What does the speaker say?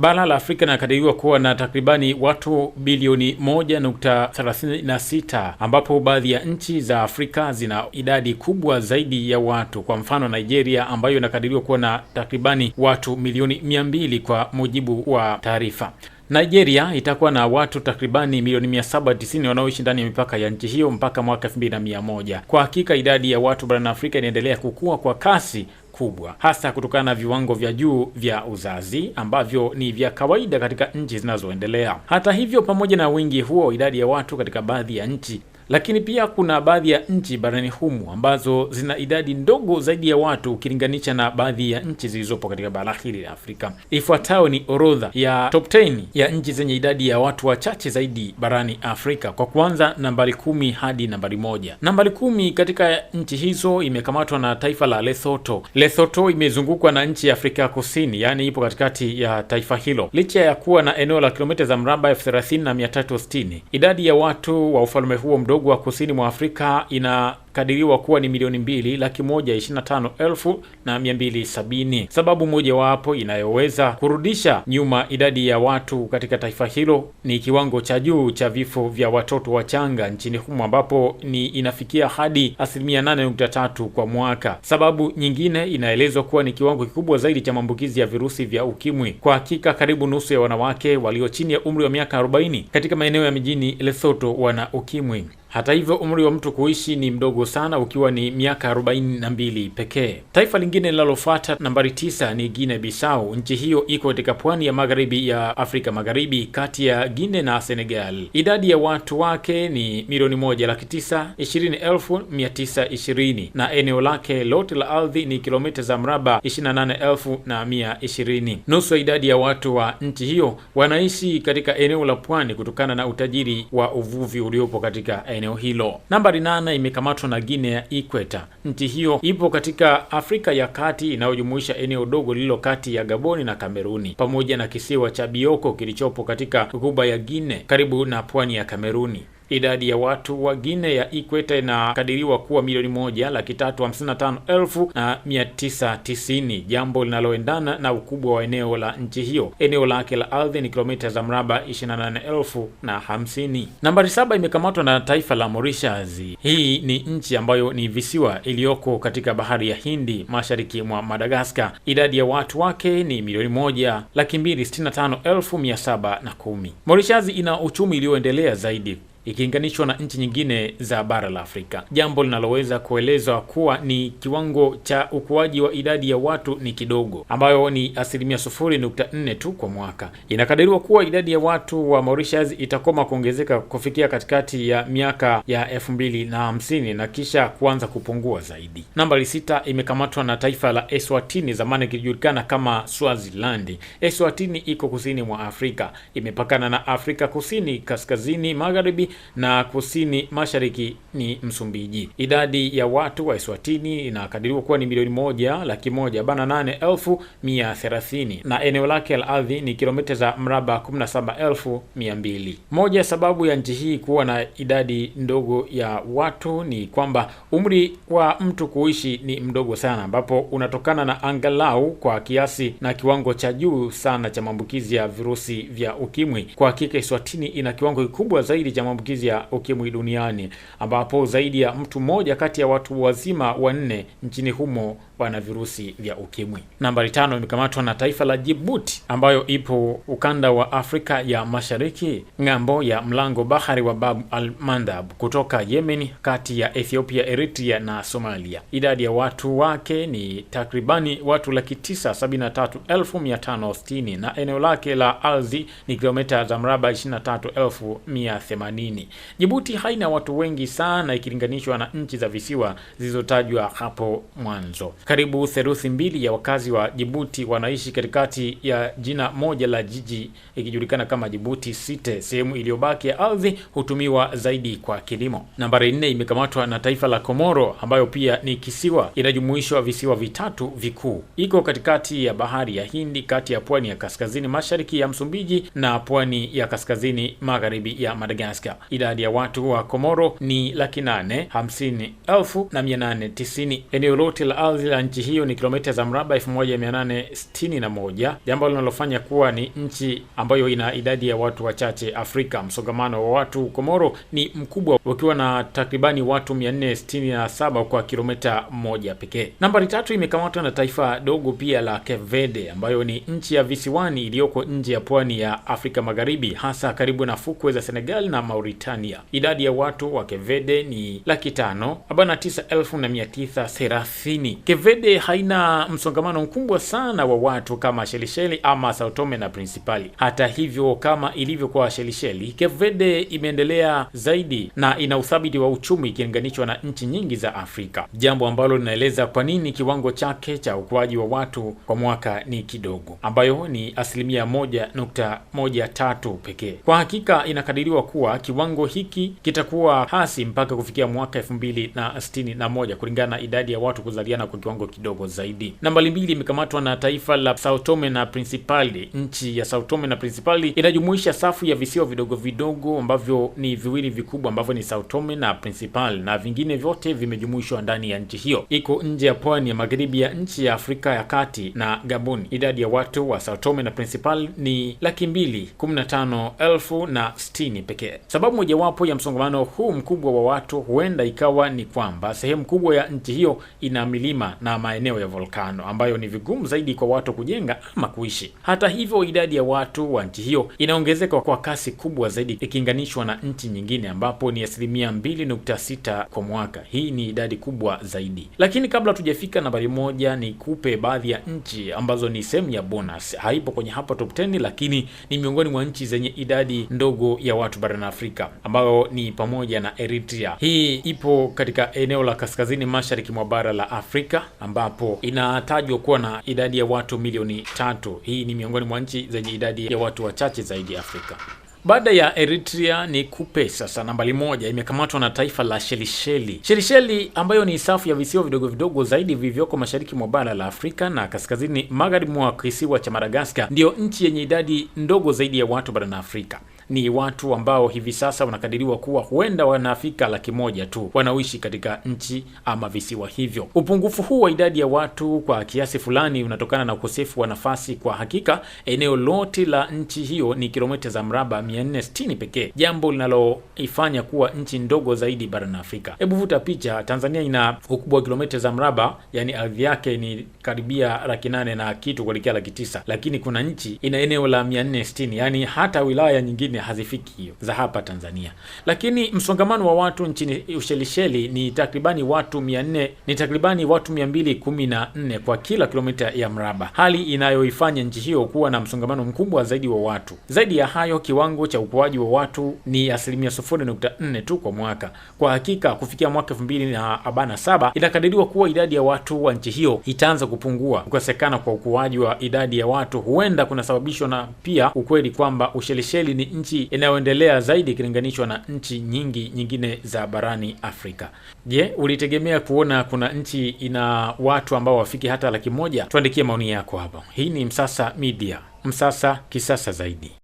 Bara la Afrika linakadiriwa kuwa na takribani watu bilioni 1.36 ambapo baadhi ya nchi za Afrika zina idadi kubwa zaidi ya watu. Kwa mfano, Nigeria ambayo inakadiriwa kuwa na takribani watu milioni 200 kwa mujibu wa taarifa. Nigeria itakuwa na watu takribani milioni 790 wanaoishi ndani ya mipaka ya nchi hiyo mpaka mwaka 2100. Kwa hakika idadi ya watu barani Afrika inaendelea kukua kwa kasi kubwa, hasa kutokana na viwango vya juu vya uzazi ambavyo ni vya kawaida katika nchi zinazoendelea. Hata hivyo, pamoja na wingi huo, idadi ya watu katika baadhi ya nchi lakini pia kuna baadhi ya nchi barani humu ambazo zina idadi ndogo zaidi ya watu ukilinganisha na baadhi ya nchi zilizopo katika bara hili la Afrika. Ifuatayo ni orodha ya top 10 ya nchi zenye idadi ya watu wachache zaidi barani Afrika, kwa kuanza nambari kumi hadi nambari moja. Nambari kumi katika nchi hizo imekamatwa na taifa la Lesotho. Lesotho imezungukwa na nchi ya Afrika Kusini, yaani ipo katikati ya taifa hilo. Licha ya kuwa na eneo la kilomita za mraba elfu thelathini na mia tatu sitini, idadi ya watu wa ufalme huo mdogo wadogo wa kusini mwa Afrika inakadiriwa kuwa ni milioni mbili laki moja ishirini na tano elfu na mia mbili sabini. Sababu mojawapo inayoweza kurudisha nyuma idadi ya watu katika taifa hilo ni kiwango cha juu cha vifo vya watoto wachanga nchini humo ambapo ni inafikia hadi asilimia nane nukta tatu kwa mwaka. Sababu nyingine inaelezwa kuwa ni kiwango kikubwa zaidi cha maambukizi ya virusi vya ukimwi. Kwa hakika karibu nusu ya wanawake walio chini ya umri wa miaka 40 katika maeneo ya mijini lesoto wana ukimwi. Hata hivyo umri wa mtu kuishi ni mdogo sana ukiwa ni miaka 42 pekee. Taifa lingine linalofuata nambari tisa ni guine Bissau. Nchi hiyo iko katika pwani ya magharibi ya Afrika Magharibi, kati ya guine na Senegal. Idadi ya watu wake ni milioni moja laki tisa ishirini elfu mia tisa ishirini na eneo lake lote la ardhi ni kilomita za mraba 28,120. Nusu ya idadi ya watu wa nchi hiyo wanaishi katika eneo la pwani kutokana na utajiri wa uvuvi uliopo katika eneo eneo hilo. Nambari nane imekamatwa na Guinea ya Ikweta. Nchi hiyo ipo katika Afrika ya Kati inayojumuisha eneo dogo lililo kati ya Gaboni na Kameruni pamoja na kisiwa cha Bioko kilichopo katika ghuba ya Guinea karibu na pwani ya Kameruni. Idadi ya watu wa Guinea ya Ikweta inakadiriwa kuwa milioni moja laki tatu hamsini na tano elfu na mia tisa tisini, jambo linaloendana na ukubwa wa eneo la nchi hiyo. Eneo lake la ardhi ni kilomita za mraba ishirini na nane elfu na hamsini. Nambari saba imekamatwa na taifa la Mauritius. Hii ni nchi ambayo ni visiwa iliyoko katika bahari ya Hindi mashariki mwa Madagaskar. Idadi ya watu wake ni milioni moja laki mbili sitini na tano elfu mia saba na kumi. Mauritius ina uchumi ulioendelea zaidi ikilinganishwa na nchi nyingine za bara la Afrika, jambo linaloweza kuelezwa kuwa ni kiwango cha ukuaji wa idadi ya watu ni kidogo, ambayo ni asilimia sufuri nukta nne tu kwa mwaka. Inakadiriwa kuwa idadi ya watu wa Mauritius itakoma kuongezeka kufikia katikati ya miaka ya elfu mbili na hamsini na kisha kuanza kupungua zaidi. Nambari sita imekamatwa na taifa la Eswatini, zamani ikijulikana kama Swaziland. Eswatini iko kusini mwa Afrika, imepakana na Afrika Kusini, kaskazini magharibi na kusini mashariki ni Msumbiji. Idadi ya watu wa Eswatini inakadiriwa kuwa ni milioni moja laki moja bana nane elfu mia thelathini na eneo lake la ardhi ni kilomita za mraba kumi na saba elfu mia mbili. Moja ya sababu ya nchi hii kuwa na idadi ndogo ya watu ni kwamba umri wa mtu kuishi ni mdogo sana, ambapo unatokana na angalau kwa kiasi na kiwango cha juu sana cha maambukizi ya virusi vya ukimwi. Kwa hakika Eswatini ina kiwango kikubwa zaidi cha maambukizi ya ukimwi duniani ambapo zaidi ya mtu mmoja kati ya watu wazima wanne nchini humo wana virusi vya ukimwi. Nambari tano imekamatwa na taifa la Jibuti ambayo ipo ukanda wa Afrika ya Mashariki ng'ambo ya mlango bahari wa Bab al Mandab kutoka Yemen, kati ya Ethiopia, Eritrea na Somalia. Idadi ya watu wake ni takribani watu laki tisa sabini na tatu elfu mia tano sitini na eneo lake la ardhi ni kilomita za mraba ishirini na tatu mia themanini nini? Jibuti haina watu wengi sana ikilinganishwa na nchi za visiwa zilizotajwa hapo mwanzo. Karibu theluthi mbili ya wakazi wa Jibuti wanaishi katikati ya jina moja la jiji ikijulikana kama Jibuti City. Sehemu iliyobaki ya ardhi hutumiwa zaidi kwa kilimo. Nambari nne imekamatwa na taifa la Komoro ambayo pia ni kisiwa, inajumuishwa visiwa vitatu vikuu. Iko katikati ya bahari ya Hindi, kati ya pwani ya kaskazini mashariki ya Msumbiji na pwani ya kaskazini magharibi ya Madagaskar. Idadi ya watu wa Komoro ni laki nane hamsini elfu na mia nane tisini. Eneo lote la ardhi la nchi hiyo ni kilomita za mraba elfu moja mia nane sitini na moja, jambo linalofanya kuwa ni nchi ambayo ina idadi ya watu wachache Afrika. Msongamano wa watu Komoro ni mkubwa, wakiwa na takribani watu saba kwa kilomita moja pekee. Nambari tatu imekamatwa na taifa dogo pia la Cape Verde ambayo ni nchi ya visiwani iliyoko nje ya pwani ya Afrika Magharibi, hasa karibu na fukwe za Senegal na Mauritius. Mauritania. Idadi ya watu wa Kevede ni laki tano arobaini na tisa elfu na mia tisa thelathini. Kevede haina msongamano mkubwa sana wa watu kama Shelisheli ama Sao Tome na Principali. Hata hivyo, kama ilivyo kwa Shelisheli, Kevede imeendelea zaidi na ina uthabiti wa uchumi ikilinganishwa na nchi nyingi za Afrika, jambo ambalo linaeleza kwa nini kiwango chake cha ukuaji wa watu kwa mwaka ni kidogo, ambayo ni asilimia moja nukta moja tatu pekee. Kwa hakika inakadiriwa kuwa kiwango Kiwango hiki kitakuwa hasi mpaka kufikia mwaka elfu na sitini na moja kulingana na idadi ya watu kuzaliana kwa kiwango kidogo zaidi. nambali mbili imekamatwa na taifa la Sao Tome na Principali. Nchi ya Sao Tome na Principali inajumuisha safu ya visiwa vidogo vidogo ambavyo ni viwili vikubwa ambavyo ni Sao Tome na Principali na vingine vyote vimejumuishwa ndani ya nchi hiyo. Iko nje ya pwani ya magharibi ya nchi ya Afrika ya Kati na Gabon. Idadi ya watu wa Sao Tome na Principali ni laki mbili na tano elfu na pekee sababu Sababu mojawapo ya msongamano huu mkubwa wa watu huenda ikawa ni kwamba sehemu kubwa ya nchi hiyo ina milima na maeneo ya volkano ambayo ni vigumu zaidi kwa watu kujenga ama kuishi. Hata hivyo, idadi ya watu wa nchi hiyo inaongezeka kwa kasi kubwa zaidi ikilinganishwa na nchi nyingine ambapo ni asilimia mbili nukta sita kwa mwaka. Hii ni idadi kubwa zaidi, lakini kabla tujafika nambari moja, ni kupe baadhi ya nchi ambazo ni sehemu ya bonus, haipo kwenye hapa top 10, lakini ni miongoni mwa nchi zenye idadi ndogo ya watu barani Afrika. Afrika ambayo ni pamoja na Eritrea. Hii ipo katika eneo la kaskazini mashariki mwa bara la Afrika ambapo inatajwa kuwa na idadi ya watu milioni tatu. Hii ni miongoni mwa nchi zenye idadi ya watu wachache zaidi Afrika. Baada ya Eritrea ni kupe sasa, nambari moja imekamatwa na taifa la Shelisheli. Shelisheli ambayo ni safu ya visiwa vidogo vidogo zaidi vilivyoko mashariki mwa bara la Afrika na kaskazini magharibi mwa kisiwa cha Madagaskar, ndiyo nchi yenye idadi ndogo zaidi ya watu barani Afrika ni watu ambao hivi sasa wanakadiriwa kuwa huenda wanafika laki moja tu wanaoishi katika nchi ama visiwa hivyo. Upungufu huu wa idadi ya watu kwa kiasi fulani unatokana na ukosefu wa nafasi. Kwa hakika, eneo lote la nchi hiyo ni kilomita za mraba 460 pekee, jambo linaloifanya kuwa nchi ndogo zaidi barani Afrika. Hebu vuta picha, Tanzania ina ukubwa wa kilomita za mraba, yani ardhi yake ni karibia laki nane na kitu kuelekea laki tisa, lakini kuna nchi ina eneo la 460, yani hata wilaya nyingine Kenya hazifiki hiyo za hapa Tanzania. Lakini msongamano wa watu nchini Ushelisheli ni takribani watu 400 ni takribani watu 214 kwa kila kilomita ya mraba, hali inayoifanya nchi hiyo kuwa na msongamano mkubwa zaidi wa watu. Zaidi ya hayo, kiwango cha ukuaji wa watu ni asilimia 0.4 tu kwa mwaka. Kwa hakika kufikia mwaka 247 inakadiriwa kuwa idadi ya watu wa nchi hiyo itaanza kupungua. Kukosekana kwa ukuaji wa idadi ya watu huenda kunasababishwa na pia ukweli kwamba Ushelisheli ni nchi nchi inayoendelea zaidi ikilinganishwa na nchi nyingi nyingine za barani Afrika. Je, ulitegemea kuona kuna nchi ina watu ambao wafiki hata laki moja? Tuandikie maoni yako hapa. Hii ni Msasa Media, Msasa kisasa zaidi.